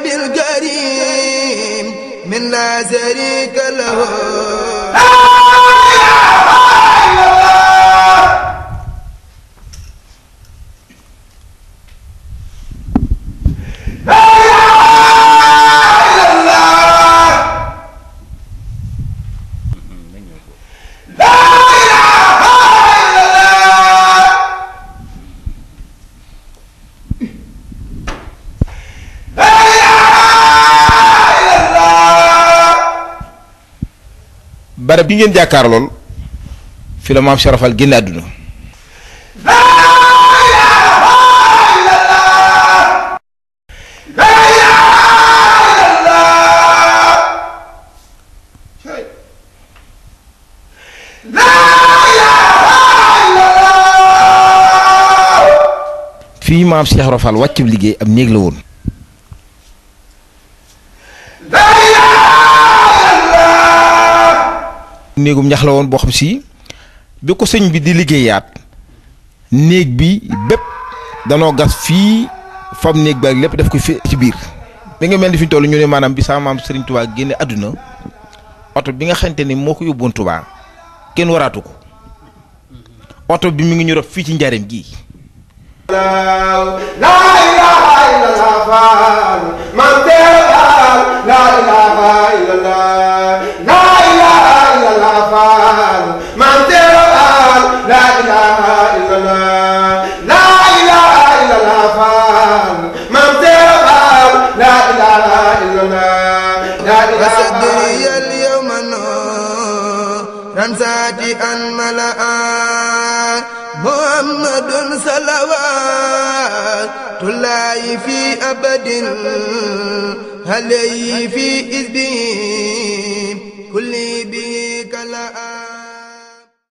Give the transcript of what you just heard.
الرب الكريم من لا شريك barab bi ngeen jàkkaar lol fi la maam sharafal génn àdduna fii maam Cheikh Rafal wàccub liggéey am néeg la woon néegum ñax la won bo xam si bi ko señ bi di liggéeyaat neeg bi da no gas fi fam neeg ba lepp def ko fi ci bir bi nga melni fi tollu ñu ne manam bi sa maam Serigne Touba aduna auto bi nga ni moko yobon Touba ken waraatu ko bi mi ngi ñu rop fi ci ilaha illallah وصدري اليوم رمزاتي أن ملأ محمد صلوات الله في أبد هل في إذبه كل